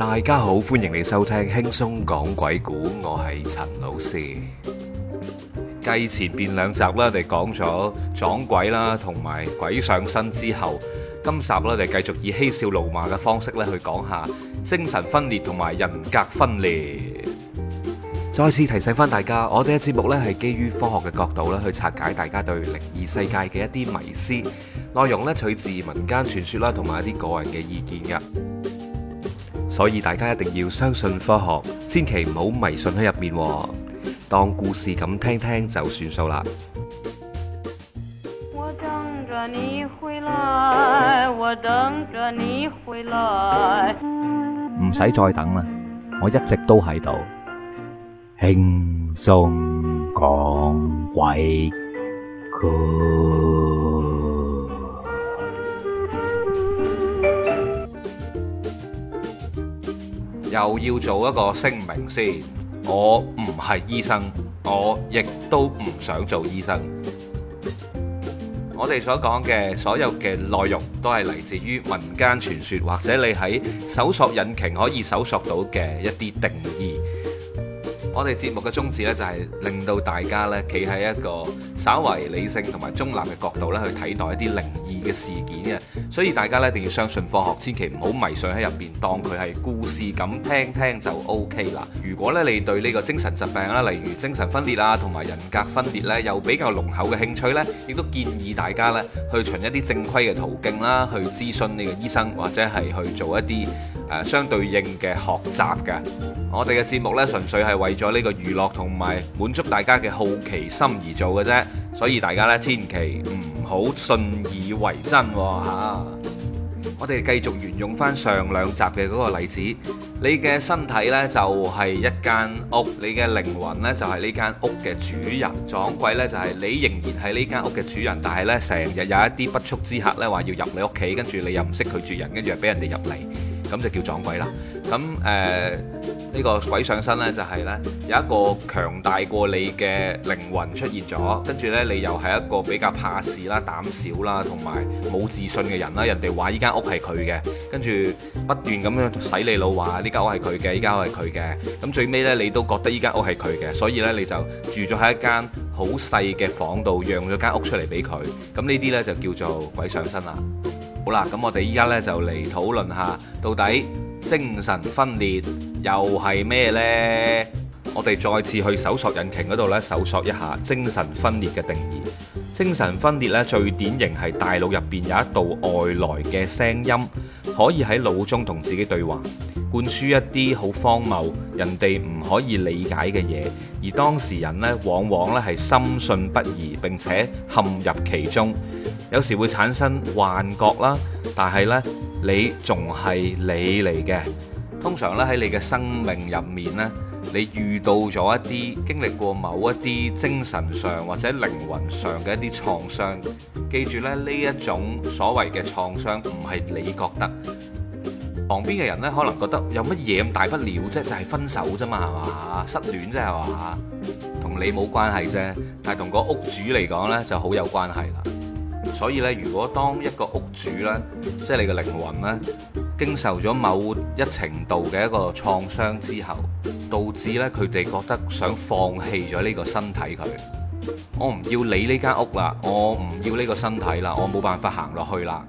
大家好，歡迎嚟收聽輕鬆講鬼故。我係陳老師。繼前邊兩集呢，我哋講咗撞鬼啦，同埋鬼上身之後，今集呢，我哋繼續以嬉笑怒罵嘅方式咧去講下精神分裂同埋人格分裂。再次提醒翻大家，我哋嘅節目呢，係基於科學嘅角度呢，去拆解大家對靈異世界嘅一啲迷思，內容呢，取自民間傳說啦，同埋一啲個人嘅意見嘅。所以大家一定要相信科學，千祈唔好迷信喺入面，當故事咁聽聽就算數啦。我等著你回來，我等著你回來。唔使再等啦，我一直都喺度，輕鬆講鬼故事。又要做一個聲明先，我唔係醫生，我亦都唔想做醫生。我哋所講嘅所有嘅內容，都係嚟自於民間傳說，或者你喺搜索引擎可以搜索到嘅一啲定義。我哋節目嘅宗旨咧，就係令到大家咧，企喺一個稍為理性同埋中立嘅角度咧，去睇待一啲靈異嘅事件嘅。所以大家一定要相信科學，千祈唔好迷信喺入邊，當佢係故事咁聽聽就 OK 啦。如果咧，你對呢個精神疾病啦，例如精神分裂啊，同埋人格分裂呢，有比較濃厚嘅興趣呢，亦都建議大家咧，去循一啲正規嘅途徑啦，去諮詢呢個醫生，或者係去做一啲。誒相對應嘅學習嘅，我哋嘅節目呢，純粹係為咗呢個娛樂同埋滿足大家嘅好奇心而做嘅啫，所以大家呢，千祈唔好信以為真嚇、啊。我哋繼續沿用翻上兩集嘅嗰個例子，你嘅身體呢，就係、是、一間屋，你嘅靈魂呢，就係呢間屋嘅主人，撞鬼呢，就係、是、你仍然係呢間屋嘅主人，但係呢，成日有一啲不速之客呢，話要入你屋企，跟住你又唔識佢住人，跟住俾人哋入嚟。咁就叫撞鬼啦。咁誒呢個鬼上身呢，就係呢，有一個強大過你嘅靈魂出現咗，跟住呢，你又係一個比較怕事啦、膽小啦，同埋冇自信嘅人啦。人哋話依間屋係佢嘅，跟住不斷咁樣洗你腦話呢間屋係佢嘅，依間屋係佢嘅。咁最尾呢，你都覺得依間屋係佢嘅，所以呢，你就住咗喺一間好細嘅房度，讓咗間屋出嚟俾佢。咁呢啲呢，就叫做鬼上身啦。好啦，咁我哋依家呢就嚟討論下，到底精神分裂又係咩呢？我哋再次去搜索引擎嗰度呢搜索一下精神分裂嘅定義。精神分裂呢，最典型係大腦入邊有一道外來嘅聲音。可以喺腦中同自己對話，灌輸一啲好荒謬、人哋唔可以理解嘅嘢，而當事人呢往往呢係深信不疑，並且陷入其中，有時會產生幻覺啦。但係呢，你仲係你嚟嘅。通常呢喺你嘅生命入面呢。你遇到咗一啲，經歷過某一啲精神上或者靈魂上嘅一啲創傷，記住咧，呢一種所謂嘅創傷唔係你覺得，旁邊嘅人呢，可能覺得有乜嘢咁大不了啫，就係分手啫嘛係嘛，失戀啫係嘛，同你冇關係啫，但係同個屋主嚟講呢，就好有關係啦。所以呢，如果當一個屋主呢，即係你嘅靈魂呢。經受咗某一程度嘅一個創傷之後，導致呢，佢哋覺得想放棄咗呢個身體，佢我唔要理呢間屋啦，我唔要呢個身體啦，我冇辦法行落去啦，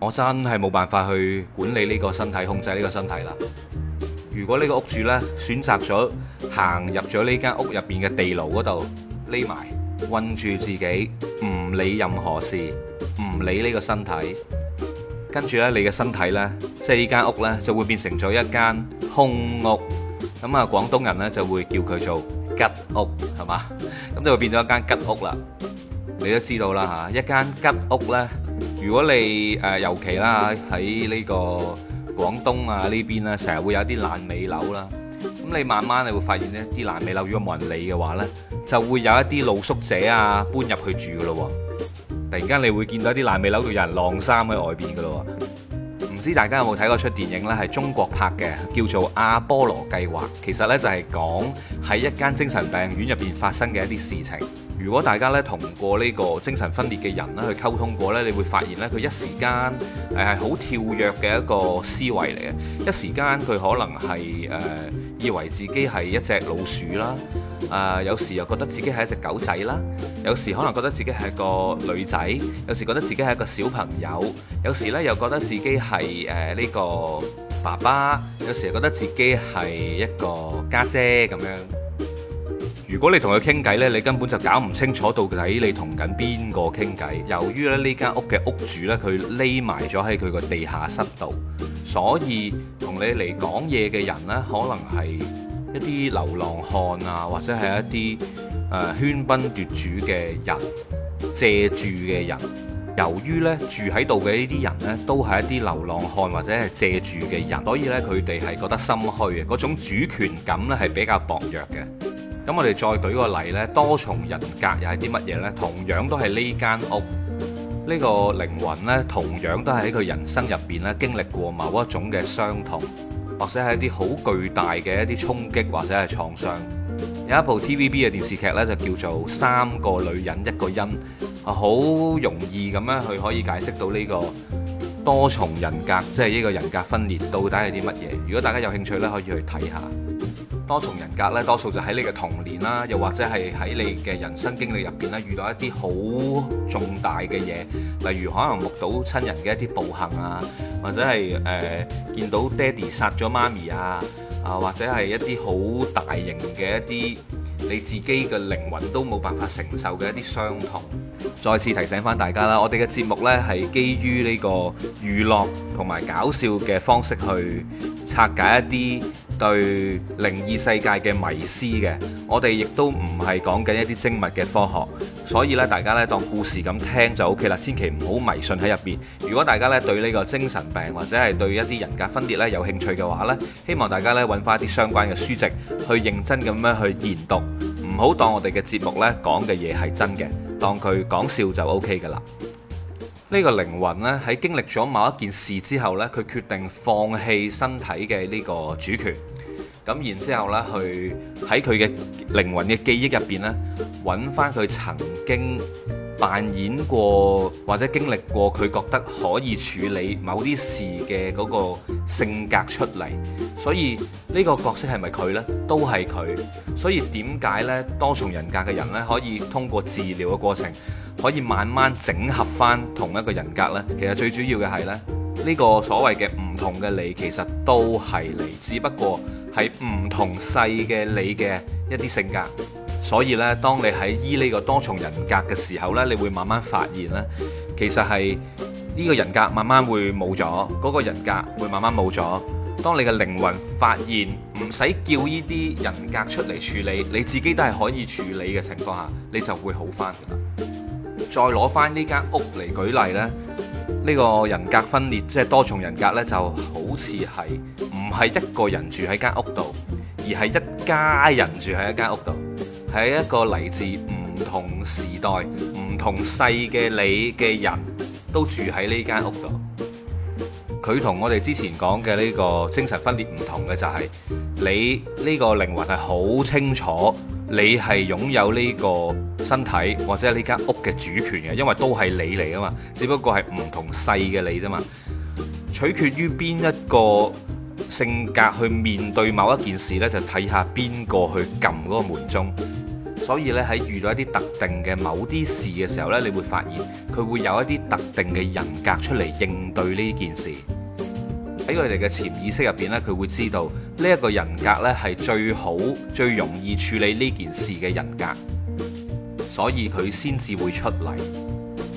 我真係冇辦法去管理呢個身體，控制呢個身體啦。如果呢個屋主呢選擇咗行入咗呢間屋入邊嘅地牢嗰度匿埋，困住自己，唔理任何事，唔理呢個身體。跟住咧，你嘅身體咧，即係呢間屋咧，就會變成咗一間空屋。咁啊，廣東人咧就會叫佢做吉屋，係嘛？咁就會變咗一間吉屋啦。你都知道啦嚇，一間吉屋咧，如果你誒尤其啦喺呢個廣東啊呢邊啦，成日會有啲爛尾樓啦。咁你慢慢你會發現咧，啲爛尾樓如果冇人理嘅話咧，就會有一啲露宿者啊搬入去住噶咯。突然間，你會見到啲爛尾樓度人晾衫喺外邊嘅咯喎，唔知大家有冇睇過出電影呢？係中國拍嘅，叫做《阿波羅計劃》。其實呢，就係、是、講喺一間精神病院入邊發生嘅一啲事情。如果大家呢，同過呢個精神分裂嘅人呢去溝通過呢，你會發現呢，佢一時間誒係好跳躍嘅一個思維嚟嘅。一時間佢可能係誒、呃、以為自己係一隻老鼠啦。誒、uh, 有時又覺得自己係一隻狗仔啦，有時可能覺得自己係個女仔，有時覺得自己係一個小朋友，有時呢，又覺得自己係誒呢個爸爸，有時又覺得自己係一個家姐咁樣。如果你同佢傾偈呢，你根本就搞唔清楚到底你同緊邊個傾偈。由於咧呢間屋嘅屋主呢，佢匿埋咗喺佢個地下室度，所以同你嚟講嘢嘅人呢，可能係。一啲流浪漢啊，或者係一啲誒、呃、喧賓奪主嘅人借住嘅人，由於呢住喺度嘅呢啲人呢，人都係一啲流浪漢或者係借住嘅人，所以呢，佢哋係覺得心虛嘅，嗰種主權感呢，係比較薄弱嘅。咁我哋再舉個例呢，多重人格又係啲乜嘢呢？同樣都係呢間屋，呢、這個靈魂呢，同樣都係喺佢人生入邊呢，經歷過某一種嘅傷痛。或者係一啲好巨大嘅一啲衝擊，或者係創傷，有一部 TVB 嘅電視劇呢，就叫做《三個女人一個恩》，係好容易咁樣去可以解釋到呢個多重人格，即係呢個人格分裂到底係啲乜嘢。如果大家有興趣呢，可以去睇下。多重人格咧，多數就喺你嘅童年啦，又或者係喺你嘅人生經歷入邊咧，遇到一啲好重大嘅嘢，例如可能目睹親人嘅一啲暴行、呃、爸爸媽媽啊，或者係誒見到爹哋殺咗媽咪啊，啊或者係一啲好大型嘅一啲你自己嘅靈魂都冇辦法承受嘅一啲傷痛。再次提醒翻大家啦，我哋嘅節目呢係基於呢個娛樂同埋搞笑嘅方式去拆解一啲對靈異世界嘅迷思嘅，我哋亦都唔係講緊一啲精密嘅科學，所以咧，大家咧當故事咁聽就 OK 啦，千祈唔好迷信喺入邊。如果大家咧對呢個精神病或者係對一啲人格分裂咧有興趣嘅話呢，希望大家揾翻啲相關嘅書籍去認真咁樣去研讀，唔好當我哋嘅節目咧講嘅嘢係真嘅，當佢講笑就 OK 噶啦。呢個靈魂咧喺經歷咗某一件事之後呢，佢決定放棄身體嘅呢個主權。咁然之後咧，去喺佢嘅靈魂嘅記憶入邊呢，揾翻佢曾經扮演過或者經歷過佢覺得可以處理某啲事嘅嗰個性格出嚟。所以呢個角色係咪佢呢？都係佢。所以點解呢？多重人格嘅人呢，可以通過治療嘅過程，可以慢慢整合翻同一個人格呢？其實最主要嘅係呢，呢個所謂嘅唔同嘅你，其實都係你，只不過，係唔同世嘅你嘅一啲性格，所以咧，當你喺醫呢個多重人格嘅時候咧，你會慢慢發現咧，其實係呢個人格慢慢會冇咗，嗰個人格會慢慢冇咗。當你嘅靈魂發現唔使叫依啲人格出嚟，處理你自己都係可以處理嘅情況下，你就會好翻嘅啦。再攞翻呢間屋嚟，舉例咧。呢個人格分裂，即係多重人格呢，就好似係唔係一個人住喺間屋度，而係一家人住喺一間屋度，係一個嚟自唔同時代、唔同世嘅你嘅人都住喺呢間屋度。佢同我哋之前講嘅呢個精神分裂唔同嘅就係、是，你呢個靈魂係好清楚。你係擁有呢個身體或者呢間屋嘅主權嘅，因為都係你嚟啊嘛，只不過係唔同勢嘅你啫嘛。取決於邊一個性格去面對某一件事呢，就睇下邊個去撳嗰個門鐘。所以呢，喺遇到一啲特定嘅某啲事嘅時候呢，你會發現佢會有一啲特定嘅人格出嚟應對呢件事。喺佢哋嘅潛意識入邊呢，佢會知道，呢一、這個人格呢係最好最容易處理呢件事嘅人格，所以佢先至會出嚟。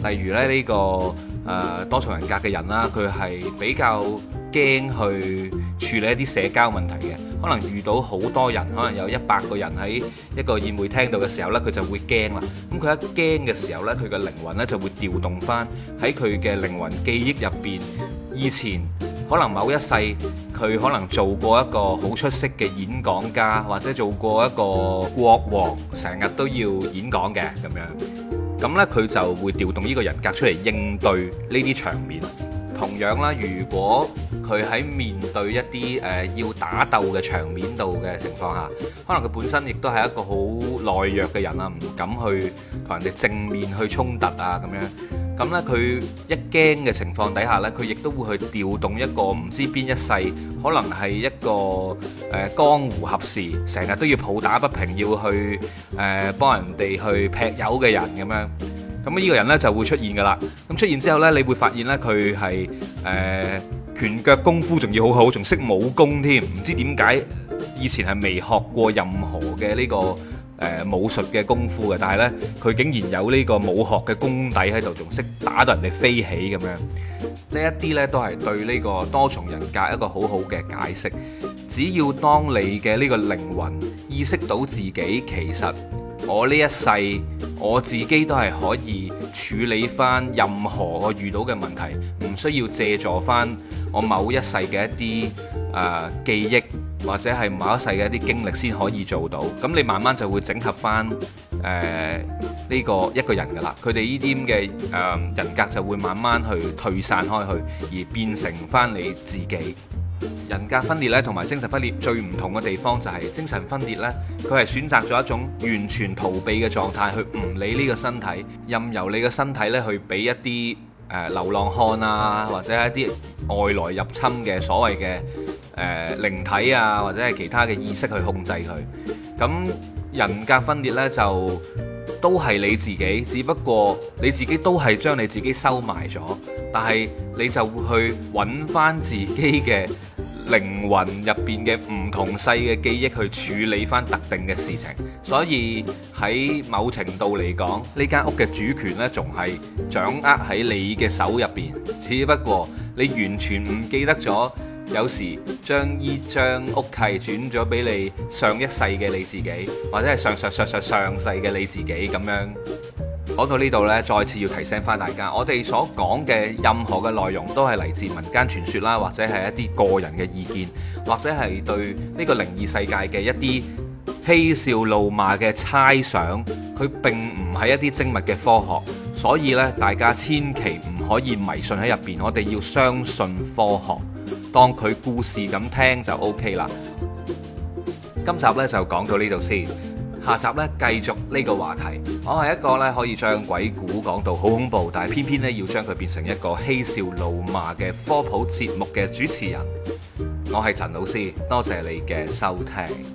例如咧呢、這個誒、呃、多重人格嘅人啦，佢係比較驚去處理一啲社交問題嘅。可能遇到好多人，可能有一百個人喺一個宴會廳度嘅時候呢，佢就會驚啦。咁佢一驚嘅時候呢，佢嘅靈魂呢就會調動翻喺佢嘅靈魂記憶入邊以前。可能某一世，佢可能做過一個好出色嘅演講家，或者做過一個國王，成日都要演講嘅咁樣，咁咧，佢就會調動呢個人格出嚟應對呢啲場面。同樣啦，如果佢喺面對一啲誒、呃、要打鬥嘅場面度嘅情況下，可能佢本身亦都係一個好懦弱嘅人啊，唔敢去同人哋正面去衝突啊咁樣。咁呢，佢一驚嘅情況底下呢，佢亦都會去調動一個唔知邊一世，可能係一個誒、呃、江湖俠士，成日都要抱打不平，要去誒幫、呃、人哋去劈友嘅人咁樣。咁呢個人呢就會出現噶啦。咁出現之後呢，你會發現呢，佢係誒拳腳功夫仲要好好，仲識武功添。唔知點解以前係未學過任何嘅呢、呢個誒、呃、武術嘅功夫嘅，但係呢，佢竟然有呢個武學嘅功底喺度，仲識打到人哋飛起咁樣。呢一啲呢，都係對呢個多重人格一個好好嘅解釋。只要當你嘅呢個靈魂意識到自己，其實。我呢一世我自己都係可以處理翻任何我遇到嘅問題，唔需要借助翻我某一世嘅一啲誒、呃、記憶或者係某一世嘅一啲經歷先可以做到。咁你慢慢就會整合翻誒呢個一個人㗎啦。佢哋呢啲嘅誒人格就會慢慢去退散開去，而變成翻你自己。人格分裂咧，同埋精神分裂最唔同嘅地方就係精神分裂呢，佢係選擇咗一種完全逃避嘅狀態，去唔理呢個身體，任由你嘅身體呢去俾一啲誒流浪漢啊，或者一啲外來入侵嘅所謂嘅誒、呃、靈體啊，或者係其他嘅意識去控制佢。咁人格分裂呢，就都係你自己，只不過你自己都係將你自己收埋咗，但係你就會去揾翻自己嘅。靈魂入邊嘅唔同世嘅記憶去處理翻特定嘅事情，所以喺某程度嚟講，呢間屋嘅主權呢，仲係掌握喺你嘅手入邊。只不過你完全唔記得咗，有時將依張屋契轉咗俾你上一世嘅你自己，或者係上上上上上上上世嘅你自己咁樣。講到呢度呢，再次要提醒返大家，我哋所講嘅任何嘅內容都係嚟自民間傳說啦，或者係一啲個人嘅意見，或者係對呢個靈異世界嘅一啲嬉笑怒罵嘅猜想，佢並唔係一啲精密嘅科學，所以呢，大家千祈唔可以迷信喺入邊，我哋要相信科學，當佢故事咁聽就 OK 啦。今集呢，就講到呢度先。下集咧，繼續呢個話題。我係一個咧，可以將鬼故講到好恐怖，但係偏偏咧，要將佢變成一個嬉笑怒罵嘅科普節目嘅主持人。我係陳老師，多謝你嘅收聽。